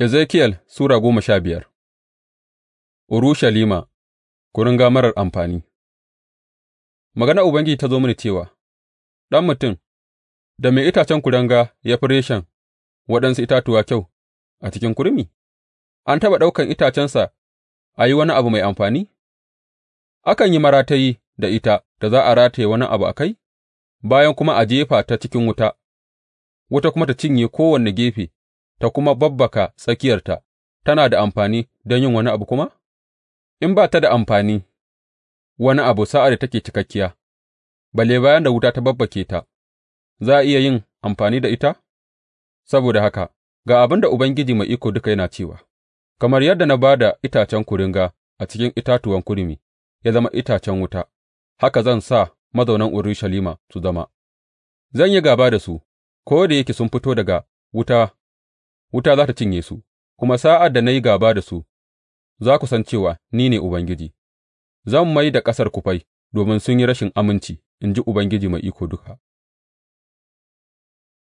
Ezekiyel Sura goma sha biyar Urushalima kuringa marar amfani Magana Ubangiji ta zo mini cewa, Ɗan mutum, da mai itacen kuringa ya fi reshen waɗansu itatuwa kyau a cikin kurmi, an taɓa ɗaukan itacensa a yi wani abu mai amfani? Akan yi maratayi da ita da za a rataye wani abu a kai, bayan kuma a jefa ta cikin wuta, wuta kuma ta cinye kowane gefe ta kuma babbaka tsakiyarta, tana da amfani don yin wani abu kuma? In ba ta da amfani wani abu sa'ad da take cikakkiya, balle bayan da wuta ta babbake ta, za a iya yin amfani da ita? Saboda haka, ga abin da Ubangiji Mai Iko Duka yana cewa, Kamar yadda na ba da itacen kuringa a cikin itatuwan kurmi ya zama itacen wuta, haka zan sa mazaunan Urushalima su zama, zan yi gaba da su, ko da yake sun fito daga wuta wuta za ta cinye su, kuma sa'ad da na yi gāba da su, za ku san cewa ni ne Ubangiji, zan mai da ƙasar kufai domin sun yi rashin aminci, in ji Ubangiji Mai Iko Duka.